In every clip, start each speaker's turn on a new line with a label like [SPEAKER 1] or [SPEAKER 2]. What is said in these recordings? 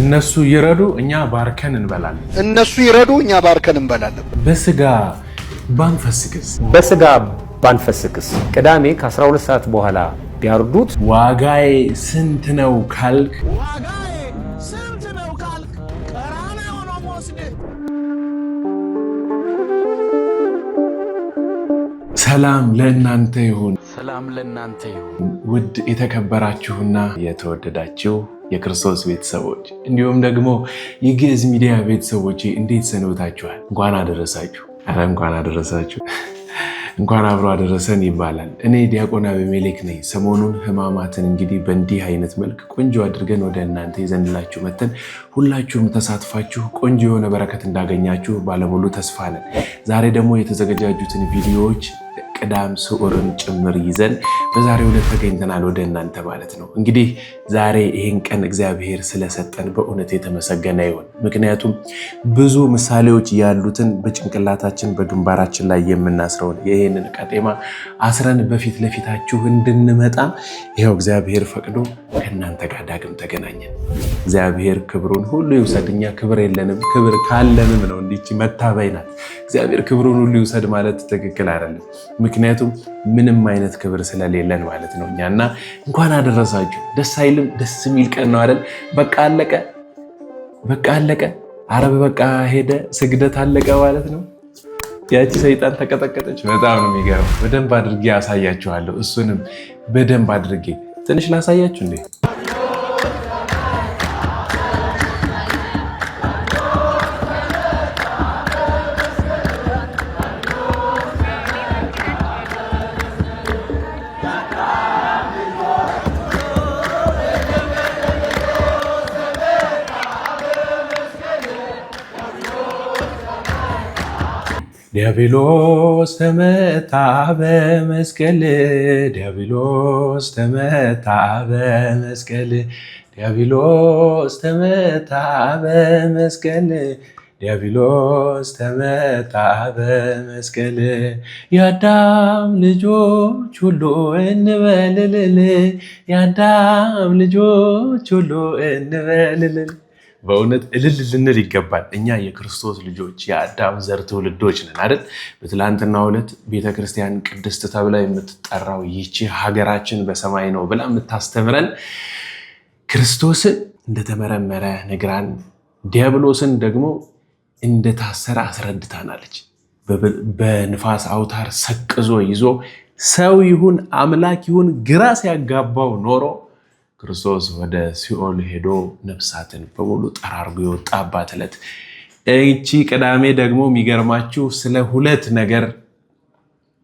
[SPEAKER 1] እነሱ ይረዱ፣ እኛ ባርከን እንበላለን።
[SPEAKER 2] እነሱ ይረዱ፣ እኛ ባርከን እንበላለን።
[SPEAKER 1] በስጋ ባንፈስክስ
[SPEAKER 2] በስጋ ባንፈስክስ ቅዳሜ ከ12 ሰዓት በኋላ ቢያርዱት
[SPEAKER 1] ዋጋዬ ስንት ነው ካልክ ሰላም ለእናንተ ይሁን። ሰላም ለእናንተ ይሁን። ውድ የተከበራችሁና የተወደዳችሁ የክርስቶስ ቤተሰቦች እንዲሁም ደግሞ የግዕዝ ሚዲያ ቤተሰቦች እንዴት ሰንብታችኋል? እንኳን አደረሳችሁ። ኧረ እንኳን አደረሳችሁ። እንኳን አብሮ አደረሰን ይባላል። እኔ ዲያቆን አቤሜሌክ ነኝ። ሰሞኑን ሕማማትን እንግዲህ በእንዲህ አይነት መልክ ቆንጆ አድርገን ወደ እናንተ ይዘንላችሁ መተን ሁላችሁም ተሳትፋችሁ ቆንጆ የሆነ በረከት እንዳገኛችሁ ባለሙሉ ተስፋ ነን። ዛሬ ደግሞ የተዘገጃጁትን ቪዲዮዎች ቅዳም ስዑርን ጭምር ይዘን በዛሬ ዕለት ተገኝተናል ወደ እናንተ ማለት ነው። እንግዲህ ዛሬ ይህን ቀን እግዚአብሔር ስለሰጠን በእውነት የተመሰገነ ይሁን። ምክንያቱም ብዙ ምሳሌዎች ያሉትን በጭንቅላታችን በግንባራችን ላይ የምናስረውን ይህንን ቀጤማ አስረን በፊት ለፊታችሁ እንድንመጣ ይኸው እግዚአብሔር ፈቅዶ ከእናንተ ጋር ዳግም ተገናኘን። እግዚአብሔር ክብሩን ሁሉ ይውሰድ። እኛ ክብር የለንም፣ ክብር ካለንም ነው እንዲች መታበይ ናት። እግዚአብሔር ክብሩን ሁሉ ይውሰድ ማለት ትክክል አይደለም። ምክንያቱም ምንም አይነት ክብር ስለሌለን ማለት ነው። እኛና እንኳን አደረሳችሁ። ደስ አይልም? ደስ የሚል ቀን ነው አይደል? በቃ አለቀ፣ በቃ አለቀ። አረብ በቃ ሄደ፣ ስግደት አለቀ ማለት ነው። ያቺ ሰይጣን ተቀጠቀጠች። በጣም ነው የሚገርም። በደንብ አድርጌ አሳያችኋለሁ። እሱንም በደንብ አድርጌ ትንሽ ላሳያችሁ እንዴ ዲያብሎስ ተመታ በመስቀል ዲያብሎስ ተመታ በመስቀል ዲያብሎስ ተመታ በመስቀል ዲያብሎስ ተመታ በመስቀል የአዳም ልጆች ሁሉ እንበልልል የአዳም ልጆች ሁሉ እንበልልል በእውነት እልል ልንል ይገባል። እኛ የክርስቶስ ልጆች የአዳም ዘር ትውልዶች ነን አይደል? በትላንትናው ዕለት ቤተክርስቲያን ቅድስት ተብላ የምትጠራው ይቺ ሀገራችን በሰማይ ነው ብላ የምታስተምረን ክርስቶስን እንደተመረመረ ነግራን፣ ዲያብሎስን ደግሞ እንደታሰረ አስረድታናለች። በንፋስ አውታር ሰቅዞ ይዞ ሰው ይሁን አምላክ ይሁን ግራ ሲያጋባው ኖሮ ክርስቶስ ወደ ሲኦል ሄዶ ነፍሳትን በሙሉ ጠራርጎ የወጣባት ዕለት እቺ ቅዳሜ ደግሞ የሚገርማችሁ ስለ ሁለት ነገር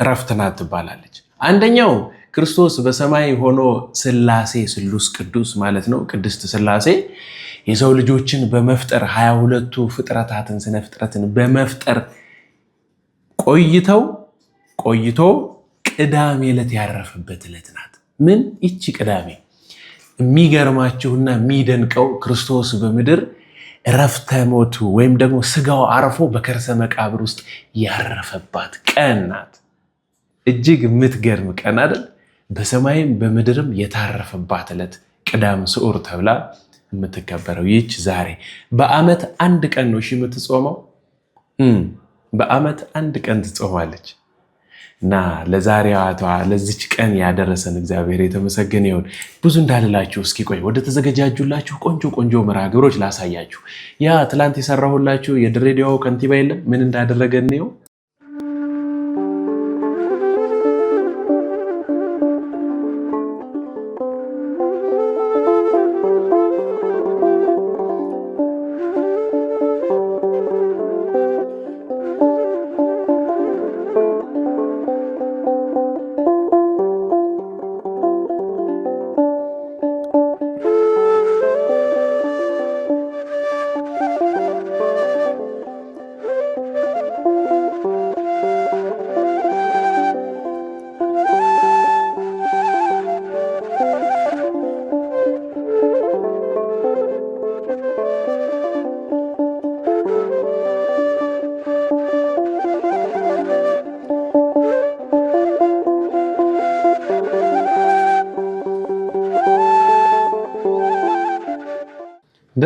[SPEAKER 1] እረፍት ናት ትባላለች። አንደኛው ክርስቶስ በሰማይ ሆኖ ስላሴ ስሉስ ቅዱስ ማለት ነው፣ ቅድስት ስላሴ የሰው ልጆችን በመፍጠር ሀያ ሁለቱ ፍጥረታትን ስነ ፍጥረትን በመፍጠር ቆይተው ቆይቶ ቅዳሜ ዕለት ያረፈበት ዕለት ናት። ምን ይቺ ቅዳሜ የሚገርማችሁና የሚደንቀው ክርስቶስ በምድር እረፍተ ሞቱ ወይም ደግሞ ስጋው አርፎ በከርሰ መቃብር ውስጥ ያረፈባት ቀን ናት። እጅግ የምትገርም ቀን አይደል? በሰማይም በምድርም የታረፈባት ዕለት ቅዳም ስዑር ተብላ የምትከበረው ይች ዛሬ በዓመት አንድ ቀን ነው እሺ የምትጾመው። በዓመት አንድ ቀን ትጾማለች። እና ለዛሬዋ ለዚች ቀን ያደረሰን እግዚአብሔር የተመሰገነ ይሁን። ብዙ እንዳልላችሁ እስኪ ቆይ ወደ ተዘገጃጁላችሁ ቆንጆ ቆንጆ መርሃ ግብሮች ላሳያችሁ። ያ ትላንት የሰራሁላችሁ የድሬዳዋ ከንቲባ የለም ምን እንዳደረገ እንየው።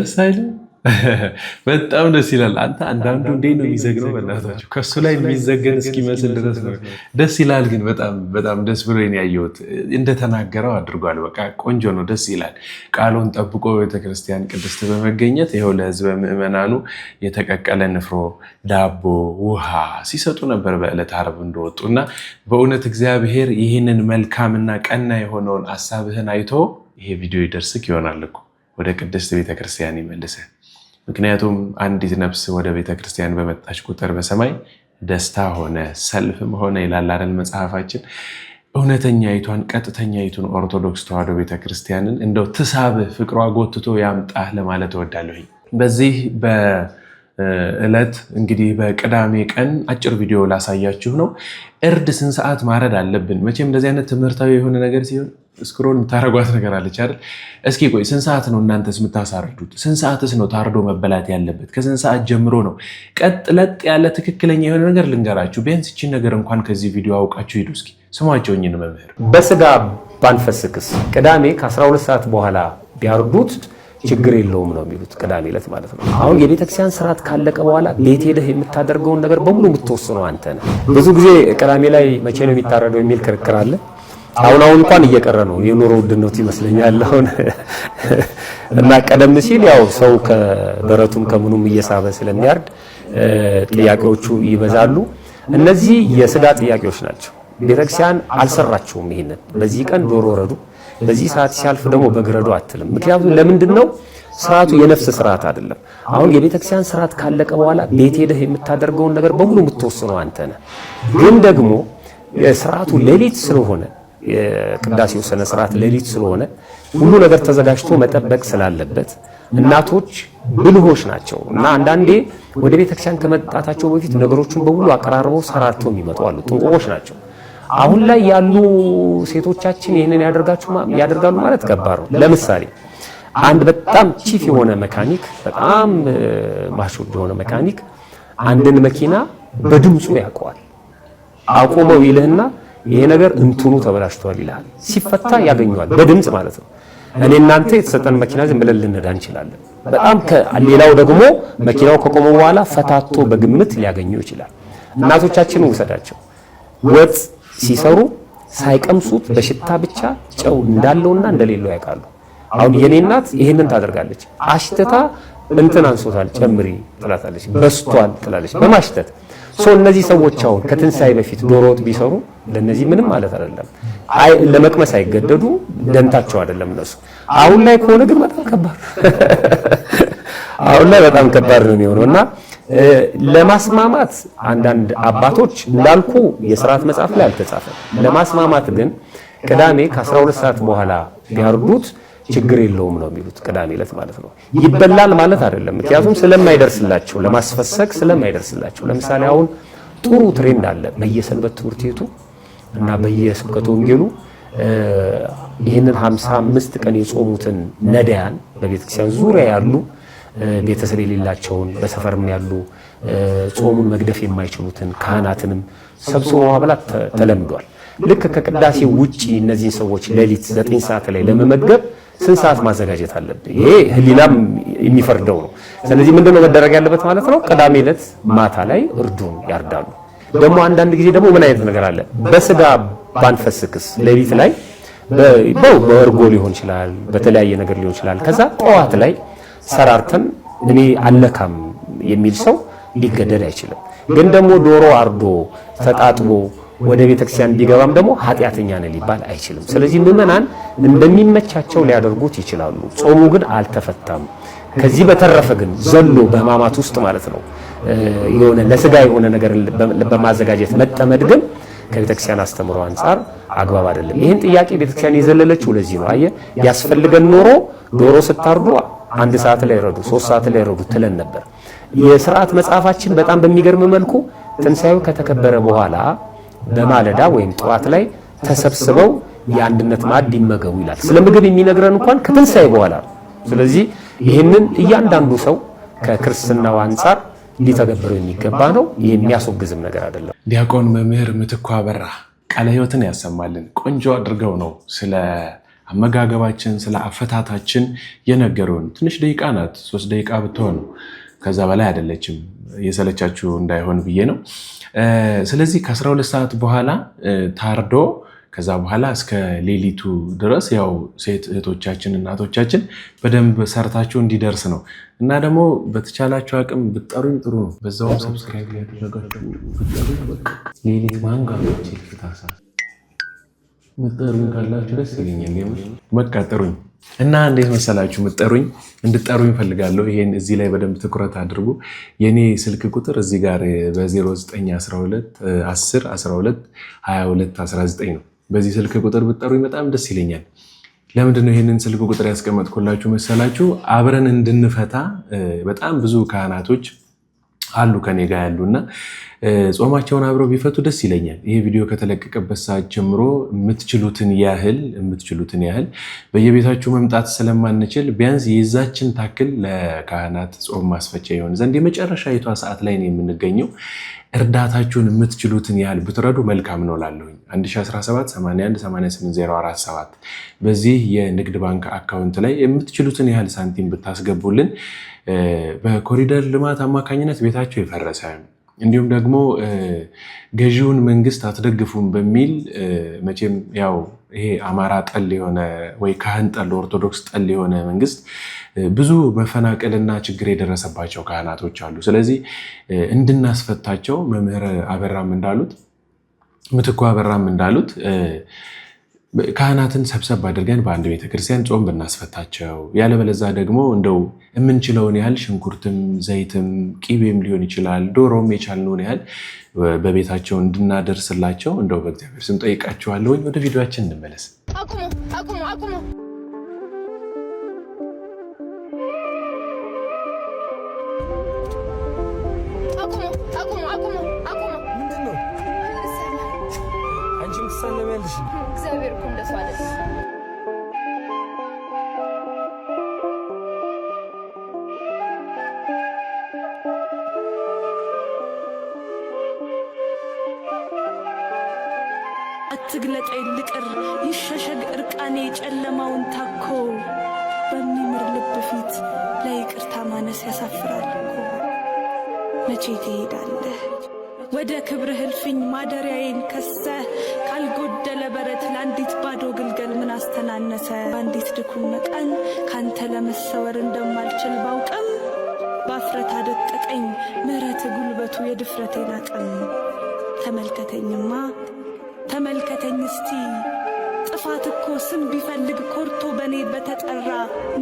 [SPEAKER 1] ደስ አይልም? በጣም ደስ ይላል። አንተ አንዳንዱ እንዴ ነው የሚዘግነው፣ በእናታችሁ ከሱ ላይ የሚዘገን እስኪመስል ድረስ ነው። ደስ ይላል ግን በጣም በጣም ደስ ብሎ ያየሁት እንደተናገረው አድርጓል። በቃ ቆንጆ ነው፣ ደስ ይላል። ቃሉን ጠብቆ ቤተክርስቲያን ቅድስት በመገኘት ይኸው ለህዝበ ምእመናኑ የተቀቀለ ንፍሮ፣ ዳቦ፣ ውሃ ሲሰጡ ነበር በዕለት ዓርብ እንደወጡ እና በእውነት እግዚአብሔር ይህንን መልካምና ቀና የሆነውን አሳብህን አይቶ ይሄ ቪዲዮ ይደርስክ ይሆናል እኮ ወደ ቅድስት ቤተክርስቲያን ይመልሰ። ምክንያቱም አንዲት ነፍስ ወደ ቤተክርስቲያን በመጣች ቁጥር በሰማይ ደስታ ሆነ፣ ሰልፍም ሆነ ይላል አይደል መጽሐፋችን። እውነተኛይቷን ቀጥተኛይቱን ኦርቶዶክስ ተዋሕዶ ቤተክርስቲያንን እንደው ትሳብ ፍቅሯ ጎትቶ ያምጣህ ለማለት እወዳለሁኝ። በዚህ በእለት እንግዲህ በቅዳሜ ቀን አጭር ቪዲዮ ላሳያችሁ ነው። እርድ ስንት ሰዓት ማረድ አለብን? መቼም እንደዚህ አይነት ትምህርታዊ የሆነ ነገር ሲሆን እስክሮል የምታረጓት ነገር አለች አይደል? እስኪ ቆይ ስንት ሰዓት ነው እናንተስ የምታሳርዱት? ስንት ሰዓትስ ነው ታርዶ መበላት ያለበት? ከስንት ሰዓት ጀምሮ ነው? ቀጥ ለጥ ያለ ትክክለኛ የሆነ ነገር ልንገራችሁ። ቢያንስ ይችን ነገር እንኳን ከዚህ ቪዲዮ አውቃችሁ ሂዱ። እስኪ ስሟቸው እኝን መምህር
[SPEAKER 2] በስጋ ባንፈስክስ ቅዳሜ ከ12 ሰዓት በኋላ ቢያርዱት ችግር የለውም ነው የሚሉት። ቅዳሜ ዕለት ማለት ነው። አሁን የቤተክርስቲያን ስርዓት ካለቀ በኋላ ቤት ሄደህ የምታደርገውን ነገር በሙሉ የምትወስነው አንተ ነህ። ብዙ ጊዜ ቅዳሜ ላይ መቼ ነው የሚታረደው የሚል ክርክር አለ። አሁን አሁን እንኳን እየቀረ ነው የኑሮ ውድነቱ ይመስለኛል። አሁን እና ቀደም ሲል ያው ሰው ከበረቱም ከምኑም እየሳበ ስለሚያርድ ጥያቄዎቹ ይበዛሉ። እነዚህ የስጋ ጥያቄዎች ናቸው። ቤተክርስቲያን አልሰራቸውም። ይሄንን በዚህ ቀን ዶሮ ረዱ፣ በዚህ ሰዓት ሲያልፍ ደግሞ በግረዱ አትልም። ምክንያቱም ለምንድን ነው ስርዓቱ የነፍስ ስርዓት አይደለም። አሁን የቤተክርስቲያን ስርዓት ካለቀ በኋላ ቤት ሄደህ የምታደርገውን ነገር በሙሉ የምትወስነው አንተ ነህ። ግን ደግሞ ስርዓቱ ሌሊት ስለሆነ የቅዳሴው ስነ ስርዓት ሌሊት ስለሆነ ሁሉ ነገር ተዘጋጅቶ መጠበቅ ስላለበት እናቶች ብልሆች ናቸው እና አንዳንዴ ወደ ቤተክርስቲያን ከመጣታቸው በፊት ነገሮችን በሙሉ አቀራርበው ሰራቸው የሚመጡ አሉ። ጥንቆቆች ናቸው። አሁን ላይ ያሉ ሴቶቻችን ይህንን ያደርጋሉ ማለት ከባድ ነው። ለምሳሌ አንድ በጣም ቺፍ የሆነ መካኒክ፣ በጣም ማሾድ የሆነ መካኒክ አንድን መኪና በድምፁ ያውቀዋል። አቁመው ይልህና ይሄ ነገር እንትኑ ተበላሽቷል ይላል። ሲፈታ ያገኘዋል በድምፅ ማለት ነው። እኔ እናንተ የተሰጠን መኪና ዝም ብለን ልንዳ እንችላለን። በጣም ሌላው ደግሞ መኪናው ከቆመ በኋላ ፈታቶ በግምት ሊያገኘው ይችላል። እናቶቻችን ውሰዳቸው ወጥ ሲሰሩ ሳይቀምሱት በሽታ ብቻ ጨው እንዳለውና እንደሌለው ያውቃሉ። አሁን የኔ እናት ይሄንን ታደርጋለች። አሽተታ እንትን አንሶታል ጨምሪ ትላታለች፣ በስቷል ትላለች በማሽተት እነዚህ ሰዎች አሁን ከትንሳኤ በፊት ዶሮ ወጥ ቢሰሩ ለእነዚህ ምንም ማለት አይደለም። አይ ለመቅመስ አይገደዱ፣ ደንታቸው አይደለም እነሱ። አሁን ላይ ከሆነ ግን በጣም ከባድ አሁን ላይ በጣም ከባድ ነው የሚሆነው እና ለማስማማት አንዳንድ አባቶች እንዳልኩ የስርዓት መጽሐፍ ላይ አልተጻፈ። ለማስማማት ግን ቅዳሜ ከ12 ሰዓት በኋላ ቢያርዱት ችግር የለውም ነው የሚሉት። ቅዳሜ ዕለት ማለት ነው። ይበላል ማለት አይደለም፣ ምክንያቱም ስለማይደርስላቸው ለማስፈሰግ ስለማይደርስላቸው። ለምሳሌ አሁን ጥሩ ትሬንድ አለ በየሰንበት ትምህርት ቤቱ እና በየስብከተ ወንጌሉ ይህንን 55 ቀን የጾሙትን ነዳያን በቤተክርስቲያን ዙሪያ ያሉ ቤተሰብ የሌላቸውን በሰፈርም ያሉ ጾሙን መግደፍ የማይችሉትን ካህናትንም ሰብስቦ ማብላት ተለምዷል። ልክ ከቅዳሴ ውጪ እነዚህን ሰዎች ሌሊት ዘጠኝ ሰዓት ላይ ለመመገብ ስንት ሰዓት ማዘጋጀት አለብህ? ይሄ ህሊናም የሚፈርደው ነው። ስለዚህ ምንድን ነው መደረግ ያለበት ማለት ነው? ቅዳሜ ዕለት ማታ ላይ እርዱን ያርዳሉ። ደግሞ አንዳንድ ጊዜ ደግሞ ምን አይነት ነገር አለ? በስጋ ባንፈስክስ ሌሊት ላይ በእርጎ ሊሆን ይችላል፣ በተለያየ ነገር ሊሆን ይችላል። ከዛ ጠዋት ላይ ሰራርተን እኔ አለካም የሚል ሰው ሊገደድ አይችልም። ግን ደግሞ ዶሮ አርዶ ተጣጥቦ ወደ ቤተክርስቲያን ቢገባም ደግሞ ኃጢአተኛ ነው ሊባል አይችልም። ስለዚህ ምዕመናን እንደሚመቻቸው ሊያደርጉት ይችላሉ። ጾሙ ግን አልተፈታም። ከዚህ በተረፈ ግን ዘሎ በሕማማት ውስጥ ማለት ነው የሆነ ለስጋ የሆነ ነገር በማዘጋጀት መጠመድ ግን ከቤተክርስቲያን አስተምሮ አንጻር አግባብ አይደለም። ይህን ጥያቄ ቤተክርስቲያን የዘለለችው ለዚህ ነው። አየ ያስፈልገን ኖሮ ዶሮ ስታርዱ አንድ ሰዓት ላይ ረዱ፣ ሶስት ሰዓት ላይ ረዱ ትለን ነበር። የስርዓት መጽሐፋችን በጣም በሚገርም መልኩ ትንሣኤው ከተከበረ በኋላ በማለዳ ወይም ጠዋት ላይ ተሰብስበው የአንድነት ማዕድ ይመገቡ ይላል። ስለ ምግብ የሚነግረን እንኳን ከትንሣኤ በኋላ ነው። ስለዚህ ይህንን እያንዳንዱ ሰው ከክርስትናው አንጻር ሊተገብረው የሚገባ ነው። ይህ የሚያስወግዝም ነገር አይደለም።
[SPEAKER 1] ዲያቆን መምህር ምትኩ አበራ ቃለ ሕይወትን ያሰማልን። ቆንጆ አድርገው ነው ስለ አመጋገባችን ስለ አፈታታችን የነገሩን። ትንሽ ደቂቃ ናት፣ ሶስት ደቂቃ ብትሆን ነው። ከዛ በላይ አይደለችም። የሰለቻችሁ እንዳይሆን ብዬ ነው። ስለዚህ ከ12 ሰዓት በኋላ ታርዶ ከዛ በኋላ እስከ ሌሊቱ ድረስ ያው ሴት እህቶቻችን እናቶቻችን በደንብ ሰርታችሁ እንዲደርስ ነው። እና ደግሞ በተቻላችሁ አቅም ብጠሩኝ ጥሩ ነው። በዛውም ሰብስክራይብ ላይ ያደረጋችሁ ሌሊት ማንጋ ምጠሩኝ ካላችሁ ደስ ይለኛል። በቃ ጥሩኝ እና እንዴት መሰላችሁ ምጠሩኝ እንድጠሩኝ እፈልጋለሁ። ይሄን እዚህ ላይ በደንብ ትኩረት አድርጉ። የኔ ስልክ ቁጥር እዚህ ጋር በ0912 ነው። በዚህ ስልክ ቁጥር ብትጠሩኝ በጣም ደስ ይለኛል። ለምንድን ነው ይህንን ስልክ ቁጥር ያስቀመጥኩላችሁ መሰላችሁ? አብረን እንድንፈታ በጣም ብዙ ካህናቶች አሉ ከኔ ጋር እና ጾማቸውን አብረው ቢፈቱ ደስ ይለኛል። ይሄ ቪዲዮ ከተለቀቀበት ሰዓት ጀምሮ የምትችሉትን ያህል የምትችሉትን ያህል በየቤታችሁ መምጣት ስለማንችል ቢያንስ የዛችን ታክል ለካህናት ጾም ማስፈቻ የሆን ዘንድ የመጨረሻ ይቷ ሰዓት ላይ ነው የምንገኘው። እርዳታችሁን የምትችሉትን ያህል ብትረዱ መልካም ነው ላለሁኝ 10178181047 በዚህ የንግድ ባንክ አካውንት ላይ የምትችሉትን ያህል ሳንቲም ብታስገቡልን በኮሪደር ልማት አማካኝነት ቤታቸው የፈረሰ እንዲሁም ደግሞ ገዢውን መንግስት አትደግፉም በሚል መቼም ያው ይሄ አማራ ጠል የሆነ ወይ ካህን ጠል ኦርቶዶክስ ጠል የሆነ መንግስት ብዙ መፈናቀልና ችግር የደረሰባቸው ካህናቶች አሉ። ስለዚህ እንድናስፈታቸው መምህር አበራም እንዳሉት ምትኩ አበራም እንዳሉት ካህናትን ሰብሰብ አድርገን በአንድ ቤተክርስቲያን ጾም ብናስፈታቸው፣ ያለበለዛ ደግሞ እንደው የምንችለውን ያህል ሽንኩርትም፣ ዘይትም፣ ቂቤም ሊሆን ይችላል ዶሮም የቻልነውን ያህል በቤታቸው እንድናደርስላቸው እንደው በእግዚአብሔር ስም ጠይቃችኋለሁኝ። ወደ ቪዲዮችን እንመለስ። አቁሙ አቁሙ አቁሙ
[SPEAKER 3] ወደ ክብር ህልፍኝ ማደሪያዬን ከሰ ካልጎደለ በረት ለአንዲት ባዶ ግልገል ምን አስተናነሰ? በአንዲት ድኩም መቀን ካንተ ለመሰወር እንደማልችል ባውቅም በአፍረት አደጠቀኝ ምሕረት ጉልበቱ የድፍረቴን አቅም። ተመልከተኝማ ተመልከተኝ እስቲ ጥፋት እኮ ስም ቢፈልግ ኮርቶ በኔ በተጠራ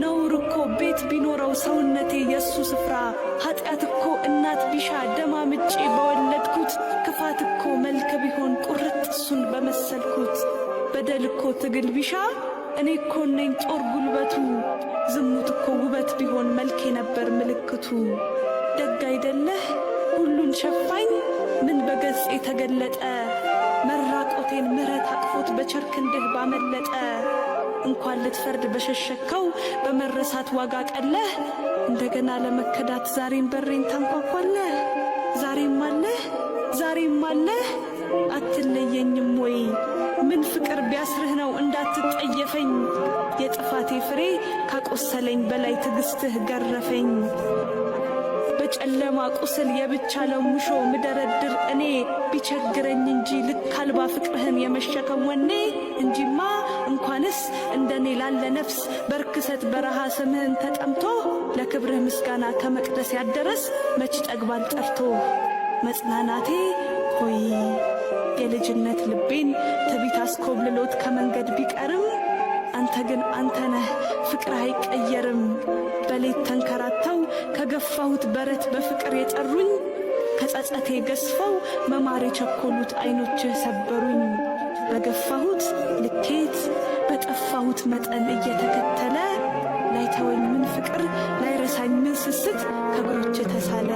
[SPEAKER 3] ነውር እኮ ቤት ቢኖረው ሰውነቴ የእሱ ስፍራ ኃጢአት እኮ እናት ቢሻ ደማ ምጬ በወለድኩት ክፋት እኮ መልክ ቢሆን ቁርጥ እሱን በመሰልኩት በደል እኮ ትግል ቢሻ እኔ እኮ ነኝ ጦር ጉልበቱ ዝሙት እኮ ውበት ቢሆን መልክ ነበር ምልክቱ ደግ አይደለህ ሁሉን ሸፋኝ ምን በገጽ የተገለጠ አባቴን ምሕረት አቅፎት በቸር ክንድህ ባመለጠ እንኳን ልትፈርድ በሸሸከው በመረሳት ዋጋ ቀለህ እንደገና ለመከዳት ዛሬን በሬን ታንኳኳለህ። ዛሬም አለህ ዛሬም አለህ አትለየኝም ወይ ምን ፍቅር ቢያስርህ ነው እንዳትጠየፈኝ የጥፋቴ ፍሬ ካቆሰለኝ በላይ ትግስትህ ገረፈኝ። በጨለማ ቁስል የብቻ ለሙሾ ምደረድር እኔ ቢቸግረኝ እንጂ ልክ አልባ ፍቅርህን የመሸከም ወኔ እንጂማ እንኳንስ እንደኔ ላለ ነፍስ በርክሰት በረሃ ስምህን ተጠምቶ ለክብርህ ምስጋና ከመቅደስ ያደረስ መች ጠግባል ጠርቶ መጽናናቴ ሆይ የልጅነት ልቤን ትቢት አስኮብልሎት ከመንገድ ቢቀርም አንተ ግን አንተ ነህ አይቀየርም በሌት ተንከራተው ከገፋሁት በረት በፍቅር የጠሩኝ ከጸጸቴ ገዝፈው መማር የቸኮሉት አይኖች ሰበሩኝ። በገፋሁት ልኬት በጠፋሁት መጠን እየተከተለ ላይተወኝ ምን ፍቅር ላይረሳኝ ምን ስስት ከእግሮች ተሳለ።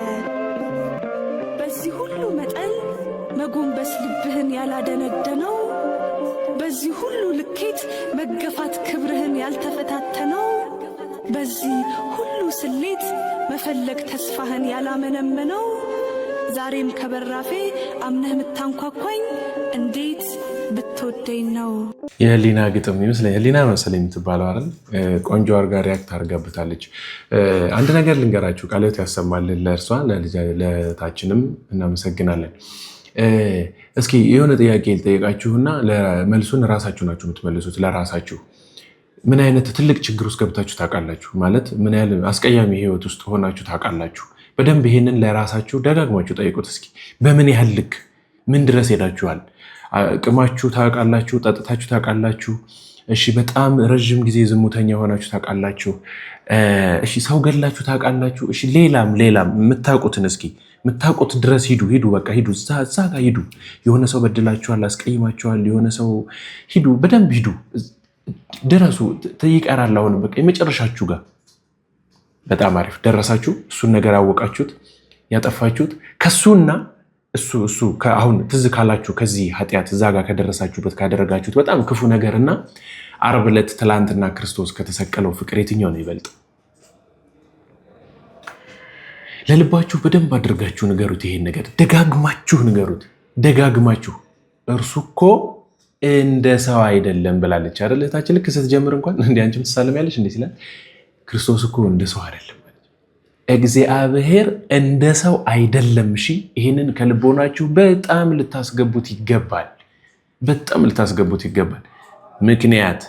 [SPEAKER 3] በዚህ ሁሉ መጠን መጎንበስ ልብህን ያላደነደነው በዚህ ሁሉ ልኬት መገፋት ክብርህን ያልተፈታተነው በዚህ ሁሉ ስሌት በመፈለግ ተስፋህን ያላመነመነው ዛሬም ከበራፌ አምነህ የምታንኳኳኝ እንዴት ብትወደኝ ነው።
[SPEAKER 1] የህሊና ግጥም ይመስለኝ ህሊና መሰለኝ የምትባለው አይደል? ቆንጆ አርጋ ሪያክት አርጋብታለች። አንድ ነገር ልንገራችሁ፣ ቃለት ያሰማልን ለእርሷ ለታችንም እናመሰግናለን። እስኪ የሆነ ጥያቄ ልጠየቃችሁና መልሱን ራሳችሁ ናችሁ የምትመልሱት ለራሳችሁ ምን አይነት ትልቅ ችግር ውስጥ ገብታችሁ ታውቃላችሁ? ማለት ምን ያህል አስቀያሚ ህይወት ውስጥ ሆናችሁ ታውቃላችሁ? በደንብ ይሄንን ለራሳችሁ ደጋግማችሁ ጠይቁት እስኪ። በምን ያህል ልክ ምን ድረስ ሄዳችኋል? ቅማችሁ ታውቃላችሁ? ጠጥታችሁ ታውቃላችሁ? እሺ፣ በጣም ረዥም ጊዜ ዝሙተኛ ሆናችሁ ታውቃላችሁ? እሺ፣ ሰው ገላችሁ ታውቃላችሁ? እሺ፣ ሌላም ሌላም የምታውቁትን እስኪ የምታውቁት ድረስ ሂዱ፣ ሂዱ፣ በቃ ሂዱ፣ እዛ ጋር ሂዱ። የሆነ ሰው በድላችኋል፣ አስቀይማችኋል፣ የሆነ ሰው ሂዱ፣ በደንብ ሂዱ። ድረሱ ይቀራል። አሁን በቃ የመጨረሻችሁ ጋር በጣም አሪፍ ደረሳችሁ። እሱን ነገር አወቃችሁት ያጠፋችሁት ከሱና እሱ እሱ አሁን ትዝ ካላችሁ ከዚህ ኃጢአት እዛ ጋር ከደረሳችሁበት ካደረጋችሁት በጣም ክፉ ነገር እና አርብ ዕለት ትላንትና ክርስቶስ ከተሰቀለው ፍቅር የትኛው ነው ይበልጥ? ለልባችሁ በደንብ አድርጋችሁ ንገሩት። ይሄን ነገር ደጋግማችሁ ንገሩት። ደጋግማችሁ እርሱ እኮ እንደ ሰው አይደለም ብላለች አይደል? እህታችን ልክ ስትጀምር እንኳን እንደ አንቺም ትሳለም ያለች እንዴት ክርስቶስ እኮ እንደ ሰው አይደለም እግዚአብሔር እንደ ሰው አይደለም። እሺ ይህንን ከልቦናችሁ በጣም ልታስገቡት ይገባል። በጣም ልታስገቡት ይገባል። ምክንያት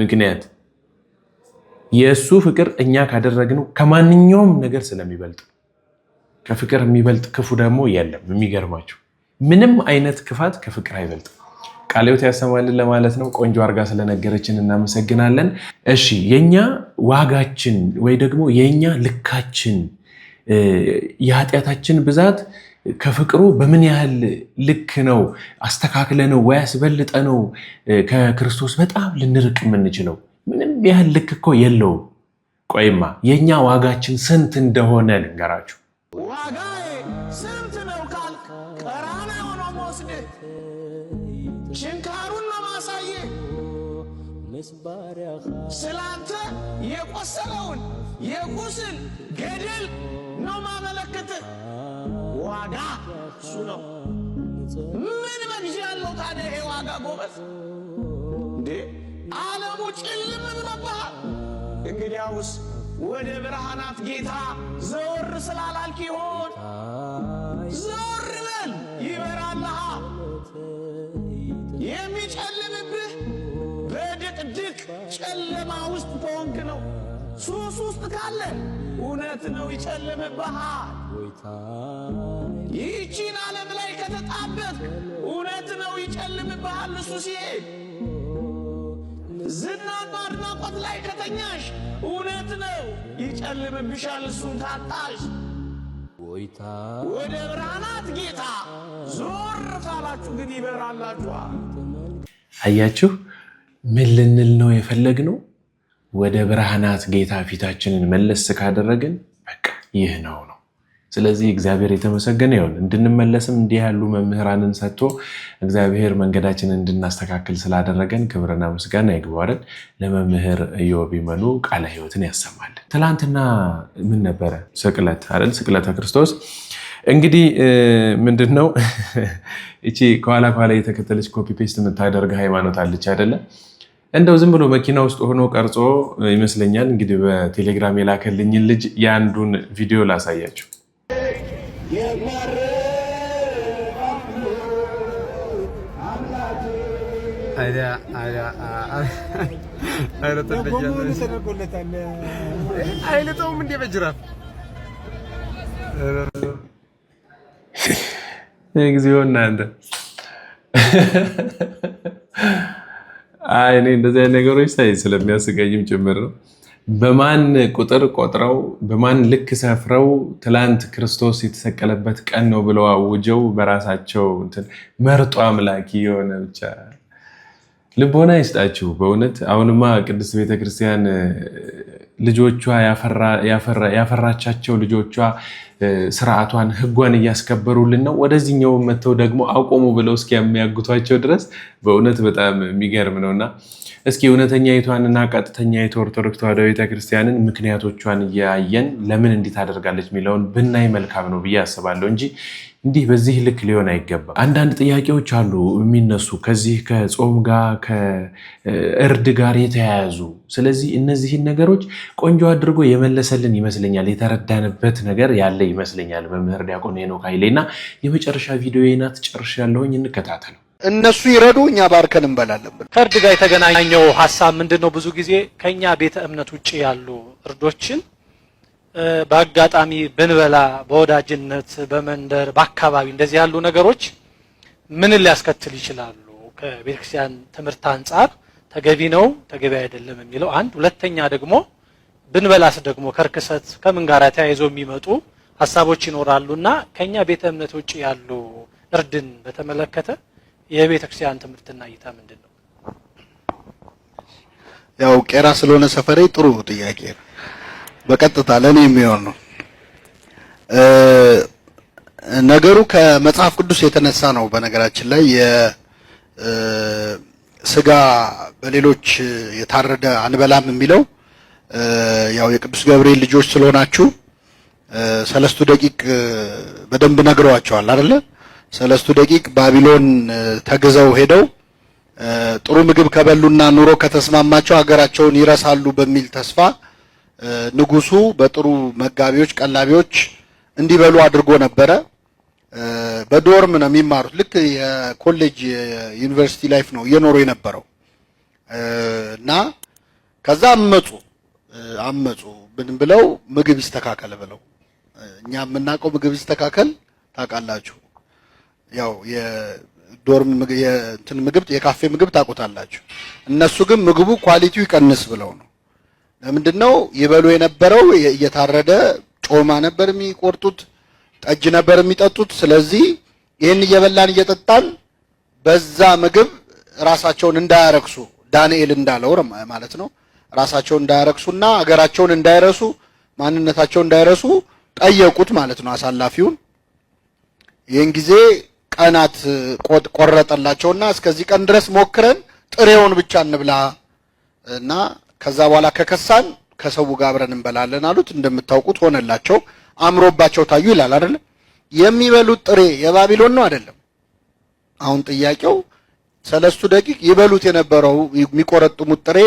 [SPEAKER 1] ምክንያት የእሱ ፍቅር እኛ ካደረግነው ከማንኛውም ነገር ስለሚበልጥ ከፍቅር የሚበልጥ ክፉ ደግሞ የለም። የሚገርማችሁ ምንም አይነት ክፋት ከፍቅር አይበልጥም። ቃልዮት ያሰማልን ለማለት ነው። ቆንጆ አርጋ ስለነገረችን እናመሰግናለን። እሺ የኛ ዋጋችን ወይ ደግሞ የኛ ልካችን የኃጢአታችን ብዛት ከፍቅሩ በምን ያህል ልክ ነው? አስተካክለ ነው ወይ አስበልጠ ነው ከክርስቶስ በጣም ልንርቅ የምንችለው? ምንም ያህል ልክ እኮ የለውም። ቆይማ የእኛ ዋጋችን ስንት እንደሆነ ልንገራችሁ።
[SPEAKER 4] ስላንተ የቆሰለውን የቁስል ገድል ነው ማመለከትህ። ዋጋ እሱ ነው። ምን መግዣ ያለው ታዲያ ይሄ ዋጋ? ጎበዝ እንዴ ዓለሙ ጭልም ብሎብሃል። እንግዲያውስ ወደ ብርሃናት ጌታ ዘወር ስላላልክ ይሆን ሱስ ውስጥ ካለ እውነት ነው ይጨልምብሃል። ይህቺን ዓለም ላይ ከተጣበት እውነት ነው ይጨልምብሃል እሱ ሲሄድ። ዝናና አድናቆት ላይ ከተኛሽ እውነት ነው ይጨልምብሻል እሱን ካጣሽ። ወደ ብርሃናት ጌታ ዞር ካላችሁ ግን ይበራላችኋል።
[SPEAKER 1] አያችሁ ምን ልንል ነው የፈለግነው? ወደ ብርሃናት ጌታ ፊታችንን መለስ ካደረግን በቃ ይህ ነው ነው። ስለዚህ እግዚአብሔር የተመሰገነ ይሁን። እንድንመለስም እንዲህ ያሉ መምህራንን ሰጥቶ እግዚአብሔር መንገዳችንን እንድናስተካክል ስላደረገን ክብርና ምስጋና ይግባረን። ለመምህር ኢዮብ ይመኑ ቃለ ሕይወትን ያሰማልን። ትላንትና ምን ነበረ? ስቅለት አይደል? ስቅለተ ክርስቶስ እንግዲህ ምንድን ነው እቺ ከኋላ ከኋላ የተከተለች ኮፒ ፔስት የምታደርግ ሃይማኖት አለች አይደለም እንደው ዝም ብሎ መኪና ውስጥ ሆኖ ቀርጾ ይመስለኛል። እንግዲህ በቴሌግራም የላከልኝን ልጅ የአንዱን ቪዲዮ ላሳያችሁ። አይነጠውም እንዴ በጅራፍ እግዚኦ እናንተ አይ እኔ እንደዚህ አይነት ነገሮች ሳይ ስለሚያስቀይም ጭምር ነው። በማን ቁጥር ቆጥረው በማን ልክ ሰፍረው ትላንት ክርስቶስ የተሰቀለበት ቀን ነው ብለው አውጀው በራሳቸው መርጦ አምላኪ የሆነ ብቻ ልቦና ይስጣችሁ በእውነት አሁንማ ቅድስት ቤተክርስቲያን ልጆቿ ያፈራቻቸው ልጆቿ ስርዓቷን ህጓን እያስከበሩልን ነው። ወደዚህኛው መጥተው ደግሞ አቆሙ ብለው እስኪ የሚያግቷቸው ድረስ በእውነት በጣም የሚገርም ነውእና እስኪ እውነተኛ እና ቀጥተኛ ኦርቶዶክስ ተዋሕዶ ቤተክርስቲያንን ምክንያቶቿን እያየን ለምን እንዲት አደርጋለች የሚለውን ብናይ መልካም ነው ብዬ አስባለሁ እንጂ እንዲህ በዚህ ልክ ሊሆን አይገባም። አንዳንድ ጥያቄዎች አሉ የሚነሱ ከዚህ ከጾም ጋር ከእርድ ጋር የተያያዙ። ስለዚህ እነዚህን ነገሮች ቆንጆ አድርጎ የመለሰልን ይመስለኛል፣ የተረዳንበት ነገር ያለ ይመስለኛል መምህር ዲያቆን ሄኖክ ኃይሌ እና የመጨረሻ ቪዲዮ ናት። ጨርሽ ያለውኝ እንከታተል።
[SPEAKER 2] እነሱ ይረዱ፣ እኛ ባርከን እንበላለን። ከእርድ ጋር የተገናኘው ሀሳብ ምንድን ነው? ብዙ ጊዜ ከእኛ ቤተ እምነት ውጭ ያሉ እርዶችን በአጋጣሚ ብንበላ በወዳጅነት በመንደር በአካባቢ እንደዚህ ያሉ ነገሮች ምንን ሊያስከትል ይችላሉ? ከቤተክርስቲያን ትምህርት አንጻር ተገቢ ነው ተገቢ አይደለም የሚለው አንድ። ሁለተኛ ደግሞ ብንበላስ ደግሞ ከርክሰት ከምን ጋር ተያይዞ የሚመጡ ሀሳቦች ይኖራሉና ከኛ ቤተ እምነት ውጭ ያሉ እርድን በተመለከተ የቤተክርስቲያን ትምህርትና እይታ ምንድን ነው?
[SPEAKER 1] ያው ቄራ ስለሆነ ሰፈሬ ጥሩ ጥያቄ ነው። በቀጥታ ለእኔ የሚሆን ነው። ነገሩ ከመጽሐፍ ቅዱስ የተነሳ ነው። በነገራችን ላይ የስጋ በሌሎች የታረደ አንበላም የሚለው ያው የቅዱስ ገብርኤል ልጆች ስለሆናችሁ ሰለስቱ ደቂቅ በደንብ ነግረዋቸዋል አይደለ? ሰለስቱ ደቂቅ ባቢሎን ተግዘው ሄደው ጥሩ ምግብ ከበሉና ኑሮ ከተስማማቸው ሀገራቸውን ይረሳሉ በሚል ተስፋ ንጉሱ በጥሩ መጋቢዎች፣ ቀላቢዎች እንዲበሉ አድርጎ ነበረ። በዶርም ነው የሚማሩት። ልክ የኮሌጅ ዩኒቨርሲቲ ላይፍ ነው እየኖሩ የነበረው እና ከዛ አመፁ አመፁ ብን ብለው ምግብ ይስተካከል ብለው እኛ የምናውቀው ምግብ ይስተካከል ታውቃላችሁ። ያው የዶርም ምግብ ምግብ የካፌ ምግብ ታውቁታላችሁ። እነሱ ግን ምግቡ ኳሊቲው ይቀንስ ብለው ነው ለምንድን ነው ይበሉ የነበረው? እየታረደ ጮማ ነበር የሚቆርጡት፣ ጠጅ ነበር የሚጠጡት። ስለዚህ ይህን እየበላን እየጠጣን በዛ ምግብ ራሳቸውን እንዳያረክሱ ዳንኤል እንዳለው ማለት ነው። ራሳቸውን እንዳያረክሱና አገራቸውን እንዳይረሱ ማንነታቸውን እንዳይረሱ ጠየቁት ማለት ነው አሳላፊውን። ይህን ጊዜ ቀናት ቆረጠላቸውና እስከዚህ ቀን ድረስ ሞክረን ጥሬውን ብቻ እንብላ እና ከዛ በኋላ ከከሳን ከሰው ጋር አብረን እንበላለን አሉት። እንደምታውቁት ሆነላቸው፣ አምሮባቸው ታዩ ይላል አይደለም። የሚበሉት ጥሬ የባቢሎን ነው አይደለም። አሁን ጥያቄው ሰለስቱ ደቂቅ ይበሉት የነበረው የሚቆረጥሙት ጥሬ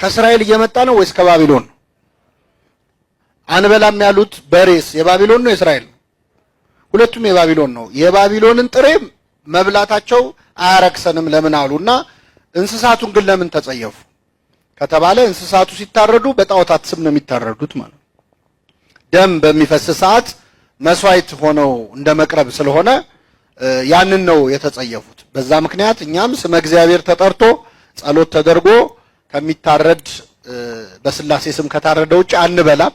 [SPEAKER 1] ከእስራኤል እየመጣ ነው ወይስ ከባቢሎን ነው? አንበላም ያሉት በሬስ የባቢሎን ነው የእስራኤል ነው? ሁለቱም የባቢሎን ነው። የባቢሎንን ጥሬ መብላታቸው አያረክሰንም ለምን አሉና እንስሳቱን ግን ለምን ተጸየፉ? ከተባለ እንስሳቱ ሲታረዱ በጣዖታት ስም ነው የሚታረዱት ማለት ነው። ደም በሚፈስ ሰዓት መስዋዕት ሆነው እንደ መቅረብ ስለሆነ ያንን ነው የተጸየፉት። በዛ ምክንያት እኛም ስመ እግዚአብሔር ተጠርቶ ጸሎት ተደርጎ ከሚታረድ በስላሴ ስም ከታረደ ውጭ አንበላም።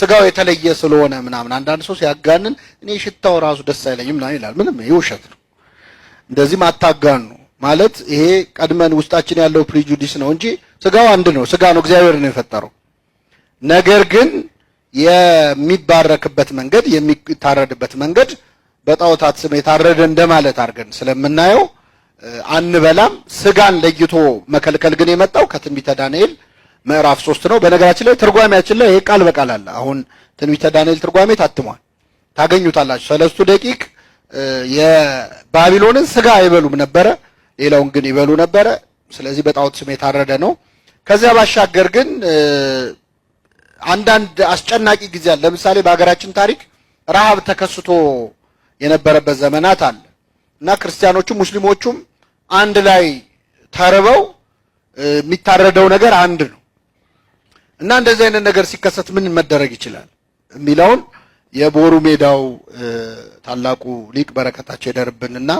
[SPEAKER 1] ስጋው የተለየ ስለሆነ ምናምን አንዳንድ ሰው ሲያጋንን እኔ ሽታው ራሱ ደስ አይለኝም ምናምን ይላል። ምንም ይህ ውሸት ነው። እንደዚህም አታጋኑ ማለት ይሄ ቀድመን ውስጣችን ያለው ፕሪጁዲስ ነው እንጂ ስጋው አንድ ነው፣ ስጋ ነው፣ እግዚአብሔር ነው የፈጠረው። ነገር ግን የሚባረክበት መንገድ የሚታረድበት መንገድ በጣዖታት ስም የታረደ እንደማለት አድርገን ስለምናየው አንበላም። ስጋን ለይቶ መከልከል ግን የመጣው ከትንቢተ ዳንኤል ምዕራፍ ሶስት ነው። በነገራችን ላይ ትርጓሜያችን ላይ ይሄ ቃል በቃል አለ። አሁን ትንቢተ ዳንኤል ትርጓሜ ታትሟል፣ ታገኙታላችሁ። ሰለስቱ ደቂቅ የባቢሎንን ስጋ አይበሉም ነበረ፣ ሌላውን ግን ይበሉ ነበረ። ስለዚህ በጣዖት ስም የታረደ ነው። ከዚያ ባሻገር ግን አንዳንድ አስጨናቂ ጊዜ አለ። ለምሳሌ በሀገራችን ታሪክ ረሃብ ተከስቶ የነበረበት ዘመናት አለ እና ክርስቲያኖቹም ሙስሊሞቹም አንድ ላይ ተርበው የሚታረደው ነገር አንድ ነው እና እንደዚህ አይነት ነገር ሲከሰት ምን መደረግ ይችላል የሚለውን የቦሩ ሜዳው ታላቁ ሊቅ በረከታቸው ይደርብንና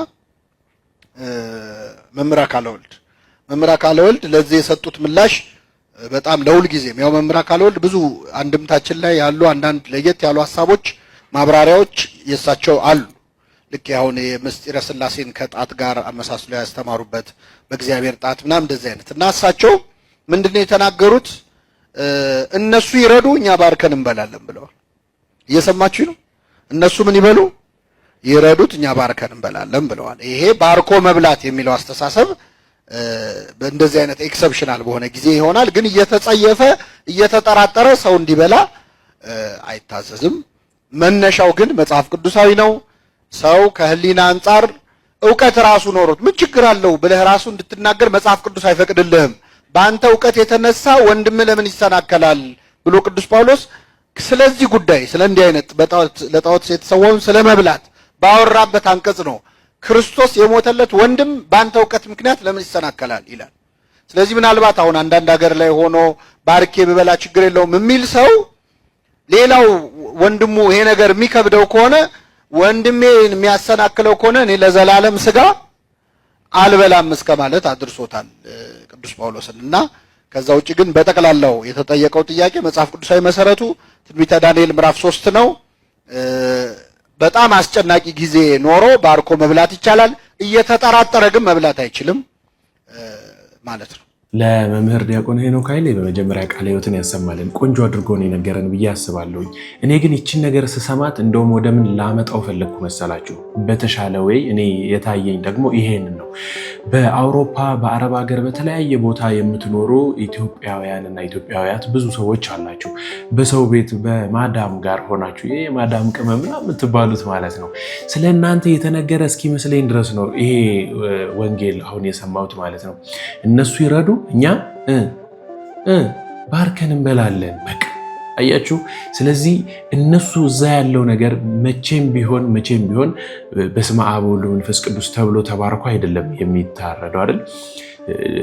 [SPEAKER 1] መምህር አካለወልድ መምህር አካለ ወልድ ለዚህ የሰጡት ምላሽ በጣም ለሁል ጊዜም ያው መምህር አካለ ወልድ ብዙ አንድምታችን ላይ ያሉ አንዳንድ ለየት ያሉ ሀሳቦች ማብራሪያዎች የእሳቸው አሉ። ልክ አሁን የምስጢረ ስላሴን ከጣት ጋር አመሳስሎ ያስተማሩበት በእግዚአብሔር ጣት ምናም እንደዚህ አይነት እና እሳቸው ምንድን ነው የተናገሩት? እነሱ ይረዱ እኛ ባርከን እንበላለን ብለዋል። እየሰማችሁ ነው። እነሱ ምን ይበሉ ይረዱት፣ እኛ ባርከን እንበላለን ብለዋል። ይሄ ባርኮ መብላት የሚለው አስተሳሰብ በእንደዚህ አይነት ኤክሰፕሽናል በሆነ ጊዜ ይሆናል። ግን እየተጸየፈ እየተጠራጠረ ሰው እንዲበላ አይታዘዝም። መነሻው ግን መጽሐፍ ቅዱሳዊ ነው። ሰው ከህሊና አንጻር እውቀት ራሱ ኖሮት ምን ችግር አለው ብለህ ራሱ እንድትናገር መጽሐፍ ቅዱስ አይፈቅድልህም። በአንተ እውቀት የተነሳ ወንድም ለምን ይሰናከላል ብሎ ቅዱስ ጳውሎስ ስለዚህ ጉዳይ ስለ እንዲህ አይነት ለጣዖት የተሰዋውን ስለ መብላት ባወራበት አንቀጽ ነው ክርስቶስ የሞተለት ወንድም በአንተ እውቀት ምክንያት ለምን ይሰናከላል ይላል። ስለዚህ ምናልባት አሁን አንዳንድ ሀገር ላይ ሆኖ ባርኬ ብበላ ችግር የለውም የሚል ሰው ሌላው ወንድሙ ይሄ ነገር የሚከብደው ከሆነ ወንድሜ የሚያሰናክለው ከሆነ እኔ ለዘላለም ስጋ አልበላም እስከ ማለት አድርሶታል ቅዱስ ጳውሎስን እና ከዛ ውጭ ግን በጠቅላላው የተጠየቀው ጥያቄ መጽሐፍ ቅዱሳዊ መሰረቱ ትንቢተ ዳንኤል ምዕራፍ ሶስት ነው። በጣም አስጨናቂ ጊዜ ኖሮ ባርኮ መብላት ይቻላል። እየተጠራጠረ ግን መብላት አይችልም ማለት ነው። ለመምህር ዲያቆን ሄኖክ ኃይሌ በመጀመሪያ ቃለ ሕይወትን ያሰማልን። ቆንጆ አድርጎ ነው የነገረን ብዬ አስባለሁኝ። እኔ ግን ይችን ነገር ስሰማት እንደውም ወደ ምን ላመጣው ፈለግኩ መሰላችሁ? በተሻለ ወይ እኔ የታየኝ ደግሞ ይሄንን ነው። በአውሮፓ በአረብ ሀገር በተለያየ ቦታ የምትኖሩ ኢትዮጵያውያንና ኢትዮጵያውያት ብዙ ሰዎች አላችሁ። በሰው ቤት በማዳም ጋር ሆናችሁ ይሄ ማዳም ቅመምና የምትባሉት ማለት ነው። ስለ እናንተ የተነገረ እስኪመስለኝ ድረስ ነው ይሄ ወንጌል አሁን የሰማሁት ማለት ነው። እነሱ ይረዱ እኛ ባርከን እንበላለን። በቃ አያችሁ። ስለዚህ እነሱ እዛ ያለው ነገር መቼም ቢሆን መቼም ቢሆን በስመ አብ ወወልድ ወመንፈስ ቅዱስ ተብሎ ተባርኮ አይደለም የሚታረደው አይደል?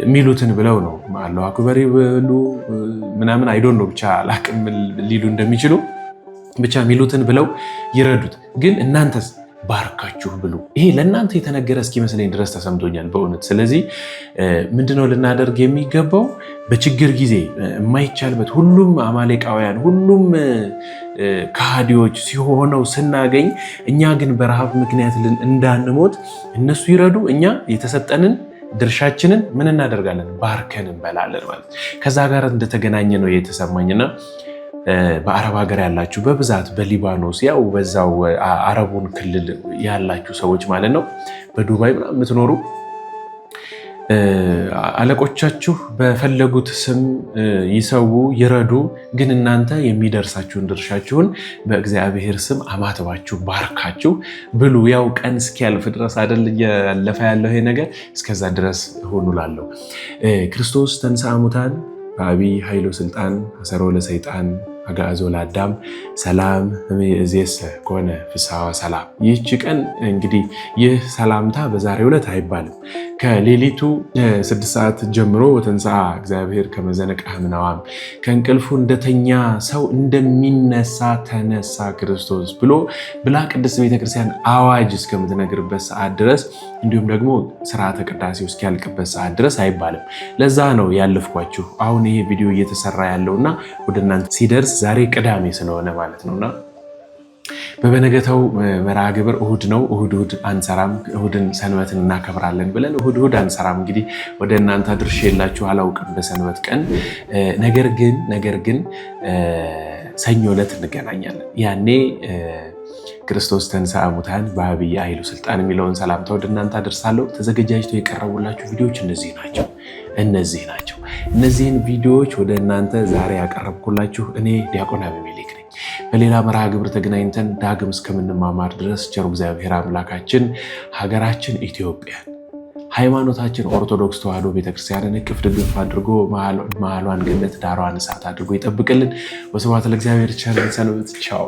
[SPEAKER 1] የሚሉትን ብለው ነው አለው አክበሪ በሉ ምናምን አይዶን ነው ብቻ አላቅም ሊሉ እንደሚችሉ ብቻ የሚሉትን ብለው ይረዱት። ግን እናንተስ ባርካችሁ ብሉ። ይሄ ለእናንተ የተነገረ እስኪመስለኝ ድረስ ተሰምቶኛል በእውነት። ስለዚህ ምንድነው ልናደርግ የሚገባው? በችግር ጊዜ የማይቻልበት ሁሉም አማሌቃውያን ሁሉም ከሃዲዎች ሲሆነው ስናገኝ፣ እኛ ግን በረሃብ ምክንያት እንዳንሞት እነሱ ይረዱ፣ እኛ የተሰጠንን ድርሻችንን ምን እናደርጋለን? ባርከን እንበላለን ማለት ከዛ ጋር እንደተገናኘ ነው የተሰማኝና በአረብ ሀገር ያላችሁ በብዛት በሊባኖስ ያው በዛው አረቡን ክልል ያላችሁ ሰዎች ማለት ነው፣ በዱባይ ምናምን የምትኖሩ አለቆቻችሁ በፈለጉት ስም ይሰዉ ይረዱ፣ ግን እናንተ የሚደርሳችሁን ድርሻችሁን በእግዚአብሔር ስም አማትባችሁ ባርካችሁ ብሉ። ያው ቀን እስኪያልፍ ድረስ አይደል እያለፈ ያለው ይሄ ነገር፣ እስከዛ ድረስ ሆኑ ክርስቶስ ተንሥአ እሙታን በአቢይ ስልጣን አሰሮ ለሰይጣን አጋዕዞ ለአዳም ሰላም እምይእዜሰ ኮነ ፍስሐ ሰላም። ይህች ቀን እንግዲህ ይህ ሰላምታ በዛሬው ዕለት አይባልም። ከሌሊቱ ስድስት ሰዓት ጀምሮ ወተንስአ እግዚአብሔር ከመዘነቅ ምናዋም ከእንቅልፉ እንደተኛ ሰው እንደሚነሳ ተነሳ ክርስቶስ ብሎ ብላ ቅድስት ቤተክርስቲያን አዋጅ እስከምትነግርበት ሰዓት ድረስ እንዲሁም ደግሞ ስርዓተ ቅዳሴ እስኪያልቅበት ሰዓት ድረስ አይባልም። ለዛ ነው ያለፍኳችሁ። አሁን ይሄ ቪዲዮ እየተሰራ ያለውና ወደ እናንተ ሲደርስ ዛሬ ቅዳሜ ስለሆነ ማለት ነውና በበነገተው መርሃ ግብር እሁድ ነው። እሁድ እሁድ አንሰራም፣ እሁድን ሰንበትን እናከብራለን ብለን እሁድ እሁድ አንሰራም። እንግዲህ ወደ እናንተ ድርሽ የላችሁ አላውቅም በሰንበት ቀን ነገር ግን ነገር ግን ሰኞ ዕለት እንገናኛለን። ያኔ ክርስቶስ ተንሥአ እሙታን በዐቢይ ኃይሉ ስልጣን የሚለውን ሰላምታ ወደ እናንተ አደርሳለሁ። ተዘገጃጅተው የቀረቡላችሁ ቪዲዮዎች እነዚህ ናቸው እነዚህ ናቸው። እነዚህን ቪዲዮዎች ወደ እናንተ ዛሬ ያቀረብኩላችሁ እኔ ዲያቆን አቤሜሌክ በሌላ መርሃ ግብር ተገናኝተን ዳግም እስከምንማማር ድረስ ቸሩ እግዚአብሔር አምላካችን ሀገራችን ኢትዮጵያን ሃይማኖታችን ኦርቶዶክስ ተዋሕዶ ቤተክርስቲያንን እቅፍ ድግፍ አድርጎ መሀሏን ገነት ዳሯን እሳት አድርጎ ይጠብቅልን። ወስብሐት ለእግዚአብሔር። ቸር ሰንብት። ቻው